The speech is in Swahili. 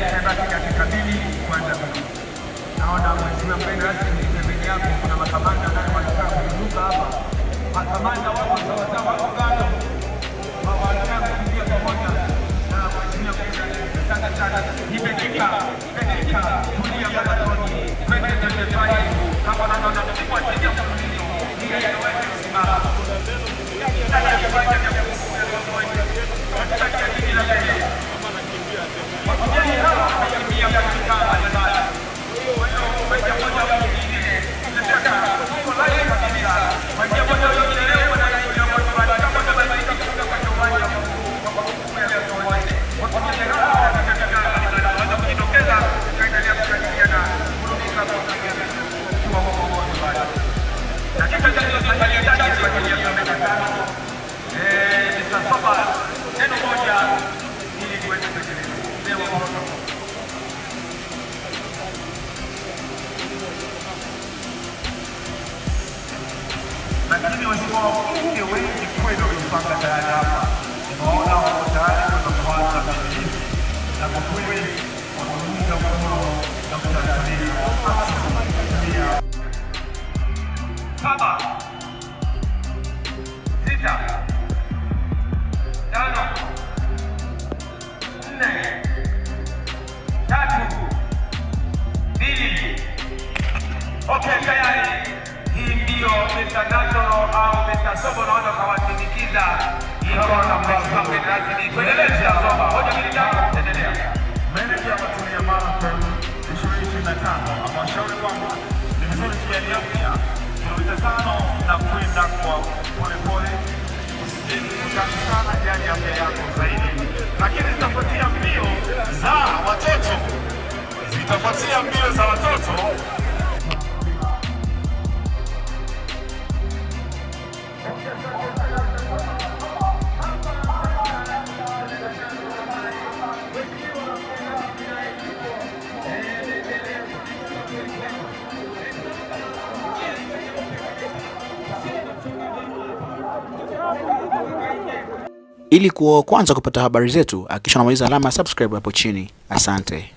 ya Chebaki katika kwanza. Naona mheshimiwa mgeni rasmi pembeni yako kuna makamanda ndani wanataka kuinuka hapa. Makamanda wako sawa sawa wako kando. Wanataka kuingia pamoja na mheshimiwa mgeni rasmi. Sana sana. Ipe kipa, Kulia kama toni. Kwenda kwenye Kama naona tunapigwa lakini waheshimiwa wabunge wengi kweli wamejipanga tayari hapa, tunaona wako tayari kwenda kuanza mijini, na kwa kweli wameunga mkono na Mtanzania Saba, sita, Okay, tayari hii ndiyo meza masomo naona ukawasindikiza Meneja wa Tulia Marathon 2025 amewashauri kwamba ni vizuri kialiafya kilomita tano na kwenda kwa Ili kuwa wa kwanza kupata habari zetu, hakikisha unamaliza alama ya subscribe hapo chini. Asante.